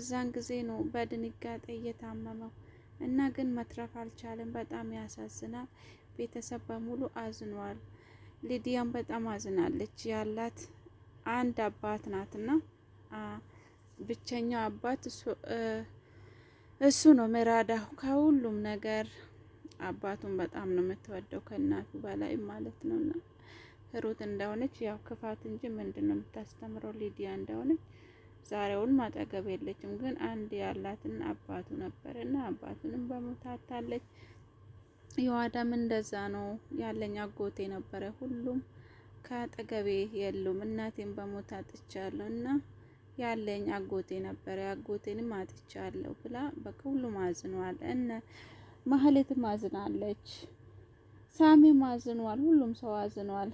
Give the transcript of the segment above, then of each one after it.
እዛን ጊዜ ነው በድንጋጤ እየታመመው እና ግን መትረፍ አልቻለም። በጣም ያሳዝናል። ቤተሰብ በሙሉ አዝኗል። ሊዲያም በጣም አዝናለች። ያላት አንድ አባት ናትና ብቸኛው አባት እሱ ነው ምራዳሁ ከሁሉም ነገር አባቱን በጣም ነው የምትወደው ከእናቱ በላይ ማለት ነው። እና ሩት እንደሆነች ያው ክፋት እንጂ ምንድን ነው የምታስተምረው ሊዲያ እንደሆነች ዛሬውን ማጠገብ የለችም። ግን አንድ ያላትን አባቱ ነበር እና አባቱንም በሞት አታለች። የዋዳም እንደዛ ነው ያለኝ አጎቴ ነበረ። ሁሉም ከአጠገቤ የሉም። እናቴን በሞት አጥቻለሁ እና ያለኝ አጎቴ ነበረ፣ አጎቴንም አጥቻለሁ ብላ በቃ ሁሉም አዝኗል። እነ ማህሌት አዝናለች፣ ሳሚም አዝኗል፣ ሁሉም ሰው አዝኗል።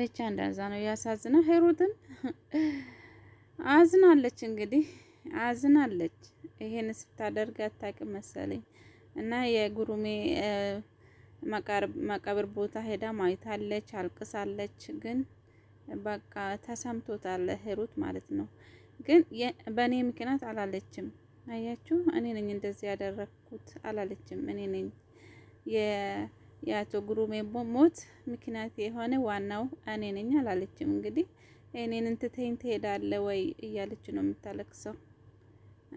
ብቻ እንደዛ ነው ያሳዝና። ሄሩትም አዝናለች እንግዲህ አዝናለች። ይሄን ስታደርግ አታውቅም መሰለኝ እና የጉሩሜ መቃብር ቦታ ሄዳ ማይታለች፣ አልቅሳለች። ግን በቃ ተሰምቶታል ሄሮት ማለት ነው። ግን በእኔ ምክንያት አላለችም። አያችሁ፣ እኔ ነኝ እንደዚህ ያደረግኩት አላለችም። እኔ ነኝ የአቶ ግሩሜ ሞት ምክንያት የሆነ ዋናው እኔ ነኝ አላለችም። እንግዲህ እኔን እንትተኝ ትሄዳለ ወይ እያለች ነው የምታለቅሰው።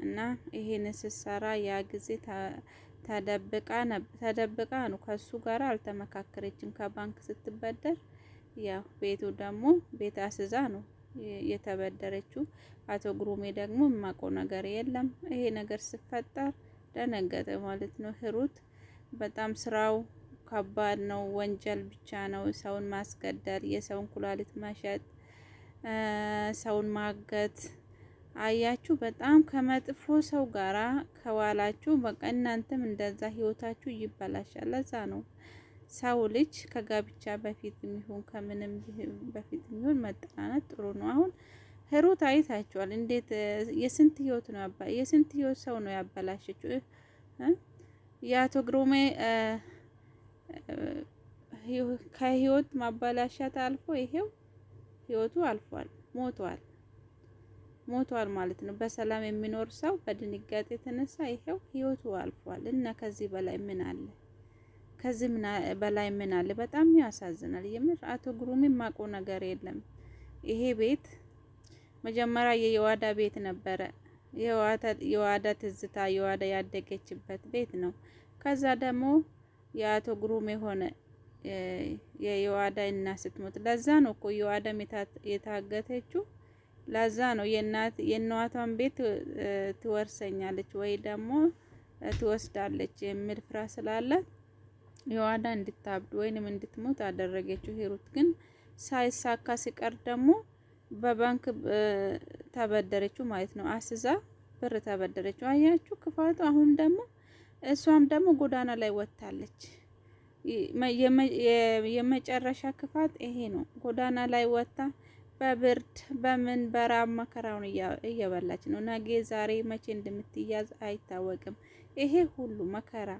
እና ይሄን ስሰራ ያ ጊዜ ተደብቃ ነው ከሱ ጋር አልተመካከረችም። ከባንክ ስትበደር ያው ቤቱ ደግሞ ቤት አስዛ ነው የተበደረችው። አቶ ግሩሜ ደግሞ የማውቀው ነገር የለም። ይሄ ነገር ስፈጠር ደነገጠ ማለት ነው። ህሩት በጣም ስራው ከባድ ነው። ወንጀል ብቻ ነው። ሰውን ማስገደል፣ የሰውን ኩላሊት መሸጥ፣ ሰውን ማገት። አያችሁ፣ በጣም ከመጥፎ ሰው ጋራ ከዋላችሁ በቃ እናንተም እንደዛ ህይወታችሁ ይበላሻል። ለዛ ነው ሰው ልጅ ከጋብቻ በፊት የሚሆን ከምንም በፊት የሚሆን መጠናናት ጥሩ ነው። አሁን ህሩት አይታችኋል። እንዴት የስንት ህይወት ነው የስንት ህይወት ሰው ነው ያበላሸችው የአቶ ግሮሜ ከህይወት ማበላሻት አልፎ ይሄው ህይወቱ አልፏል፣ ሞቷል ሞቷል ማለት ነው። በሰላም የሚኖር ሰው በድንጋጤ የተነሳ ይሄው ህይወቱ አልፏል እና ከዚህ በላይ ምን አለ? ከዚህ በላይ ምን አለ? በጣም ያሳዝናል። የምር አቶ ግሩም ማቆ ነገር የለም። ይሄ ቤት መጀመሪያ የየዋዳ ቤት ነበረ። የዋዳ ትዝታ የዋዳ ያደገችበት ቤት ነው። ከዛ ደግሞ የአቶ ግሩም የሆነ የዮዋዳ እናት ስትሞት ለዛ ነው እኮ ዮአዳም የታገተችው። ለዛ ነው የእናት የእናቷን ቤት ትወርሰኛለች ወይ ደግሞ ትወስዳለች የሚል ፍራ ስላላት ዮዋዳ እንድታብድ ወይንም እንድትሞት አደረገችው። ሂሩት ግን ሳይሳካ ሲቀር ደግሞ በባንክ ተበደረችው ማለት ነው። አስዛ ብር ተበደረችው። አያችሁ ክፋቱ። አሁን ደግሞ እሷም ደግሞ ጎዳና ላይ ወጥታለች። የመጨረሻ ክፋት ይሄ ነው። ጎዳና ላይ ወጥታ በብርድ በምን በራብ መከራውን እየበላች ነው። ነገ ዛሬ መቼ እንደምትያዝ አይታወቅም። ይሄ ሁሉ መከራ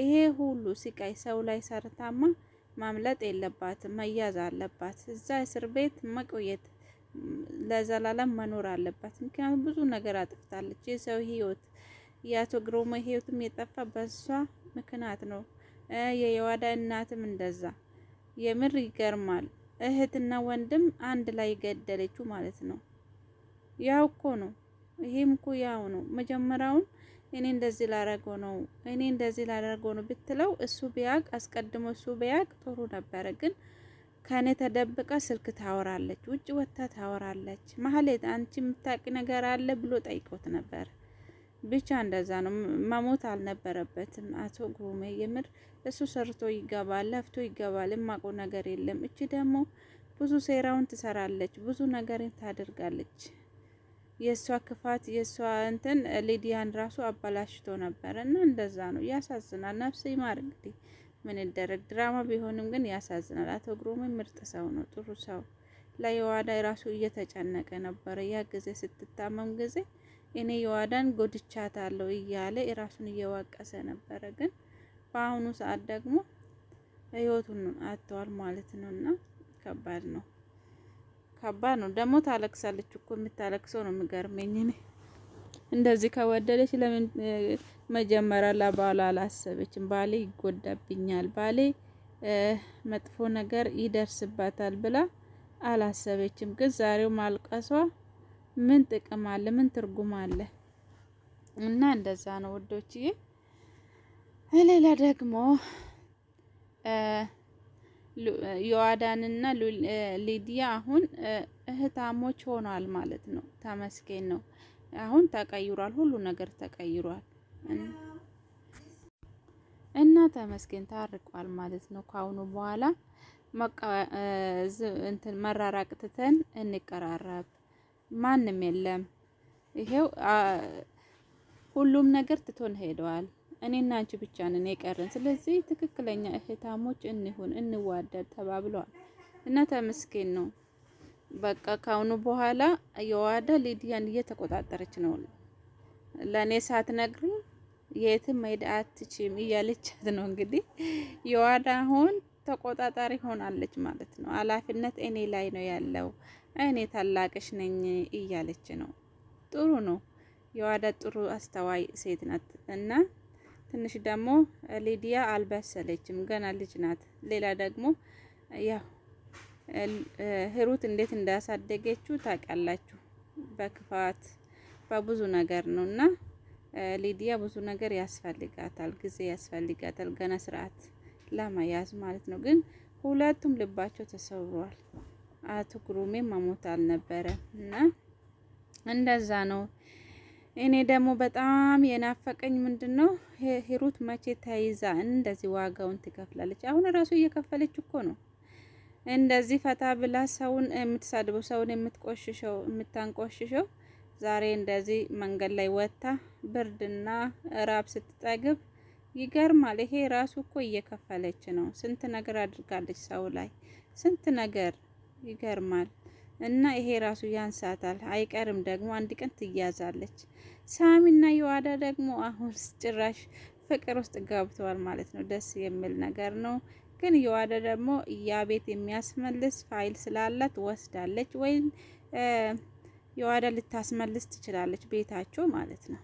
ይሄ ሁሉ ስቃይ ሰው ላይ ሰርታማ ማምለጥ የለባትም፣ መያዝ አለባት። እዛ እስር ቤት መቆየት ለዘላለም መኖር አለባት። ምክንያቱም ብዙ ነገር አጥፍታለች። የሰው ህይወት የአቶ ግሮሞ ህይወትም የጠፋ በሷ ምክንያት ነው። የየዋዳ እናትም እንደዛ። የምር ይገርማል። እህትና ወንድም አንድ ላይ ገደለችው ማለት ነው። ያው እኮ ነው። ይሄም እኮ ያው ነው። መጀመሪያውን እኔ እንደዚህ ላደረገው ነው እኔ እንደዚህ ላደረገው ነው ብትለው እሱ ቢያቅ አስቀድሞ እሱ ቢያቅ ጥሩ ነበረ። ግን ከእኔ ተደብቃ ስልክ ታወራለች፣ ውጭ ወጥታ ታወራለች። ማህሌት አንቺ የምታውቂ ነገር አለ ብሎ ጠይቆት ነበር። ብቻ እንደዛ ነው። መሞት አልነበረበትም አቶ ግሩሜ የምር እሱ ሰርቶ ይገባል፣ ለፍቶ ይገባል። የማውቀው ነገር የለም። እቺ ደግሞ ብዙ ሴራውን ትሰራለች፣ ብዙ ነገርን ታደርጋለች። የእሷ ክፋት የእሷ እንትን ሊዲያን ራሱ አበላሽቶ ነበረ እና እንደዛ ነው። ያሳዝናል። ነፍስ ይማር እንግዲህ ምን ይደረግ። ድራማ ቢሆንም ግን ያሳዝናል። አቶ ግሩሜ ምርጥ ሰው ነው፣ ጥሩ ሰው ለየዋዳ ራሱ እየተጨነቀ ነበረ ያ ጊዜ ስትታመም ጊዜ እኔ የዋዳን ጎድቻታለሁ እያለ ራሱን እየዋቀሰ ነበረ። ግን በአሁኑ ሰዓት ደግሞ ህይወቱን አጥተዋል ማለት ነው። እና ከባድ ነው፣ ከባድ ነው። ደግሞ ታለቅሳለች እኮ የምታለቅሰው ነው የሚገርመኝ። እኔ እንደዚህ ከወደደች ለምን መጀመሪያ ለባሏ አላሰበችም? ባሌ ይጎዳብኛል፣ ባሌ መጥፎ ነገር ይደርስባታል ብላ አላሰበችም። ግን ዛሬው ማልቀሷ ምን ጥቅም አለ? ምን ትርጉም አለ? እና እንደዛ ነው ውዶችዬ። ሌላ ደግሞ ዮአዳንና ሊዲያ አሁን እህታሞች ሆኗል ማለት ነው። ተመስገን ነው። አሁን ተቀይሯል፣ ሁሉ ነገር ተቀይሯል እና ተመስገን ታርቋል ማለት ነው። ከአሁኑ በኋላ መራራቅ ትተን እንቀራረብ ማንም የለም። ይሄው ሁሉም ነገር ትቶን ሄደዋል። እኔና አንቺ ብቻ ነን የቀረን። ስለዚህ ትክክለኛ እህታሞች እንሁን፣ እንዋደድ ተባብለዋል እና ተመስገን ነው። በቃ ካሁኑ በኋላ የዋዳ ሊዲያን እየተቆጣጠረች ነው። ለእኔ ሳትነግሪኝ የትም መሄድ አትችም እያለቻት ነው። እንግዲህ የዋዳ አሁን ተቆጣጣሪ ሆናለች ማለት ነው። ኃላፊነት እኔ ላይ ነው ያለው እኔ ታላቅሽ ነኝ እያለች ነው። ጥሩ ነው። የዋዳ ጥሩ አስተዋይ ሴት ናት እና ትንሽ ደግሞ ሊዲያ አልበሰለችም፣ ገና ልጅ ናት። ሌላ ደግሞ ያው ህሩት እንዴት እንዳሳደገችው ታውቃላችሁ። በክፋት በብዙ ነገር ነው እና ሊዲያ ብዙ ነገር ያስፈልጋታል፣ ጊዜ ያስፈልጋታል፣ ገና ስርዓት ለመያዝ ማለት ነው። ግን ሁለቱም ልባቸው ተሰብሯል። አቶ ግሩሜ መሞት አልነበረ እና እንደዛ ነው። እኔ ደግሞ በጣም የናፈቀኝ ምንድን ነው ሂሩት መቼ ተይዛ እንደዚህ ዋጋውን ትከፍላለች? አሁን ራሱ እየከፈለች እኮ ነው። እንደዚህ ፈታ ብላ ሰውን የምትሳድበው፣ ሰውን የምትቆሽሸው፣ የምታንቆሽሸው ዛሬ እንደዚህ መንገድ ላይ ወጥታ ብርድና ራብ ስትጠግብ ይገርማል። ይሄ ራሱ እኮ እየከፈለች ነው። ስንት ነገር አድርጋለች ሰው ላይ ስንት ነገር ይገርማል። እና ይሄ ራሱ ያንሳታል። አይቀርም ደግሞ አንድ ቀን ትያዛለች። ሳሚና የዋዳ ደግሞ አሁን ጭራሽ ፍቅር ውስጥ ገብተዋል ማለት ነው። ደስ የሚል ነገር ነው። ግን የዋዳ ደግሞ ያ ቤት የሚያስመልስ ፋይል ስላላት ወስዳለች፣ ወይም የዋዳ ልታስመልስ ትችላለች ቤታቸው ማለት ነው።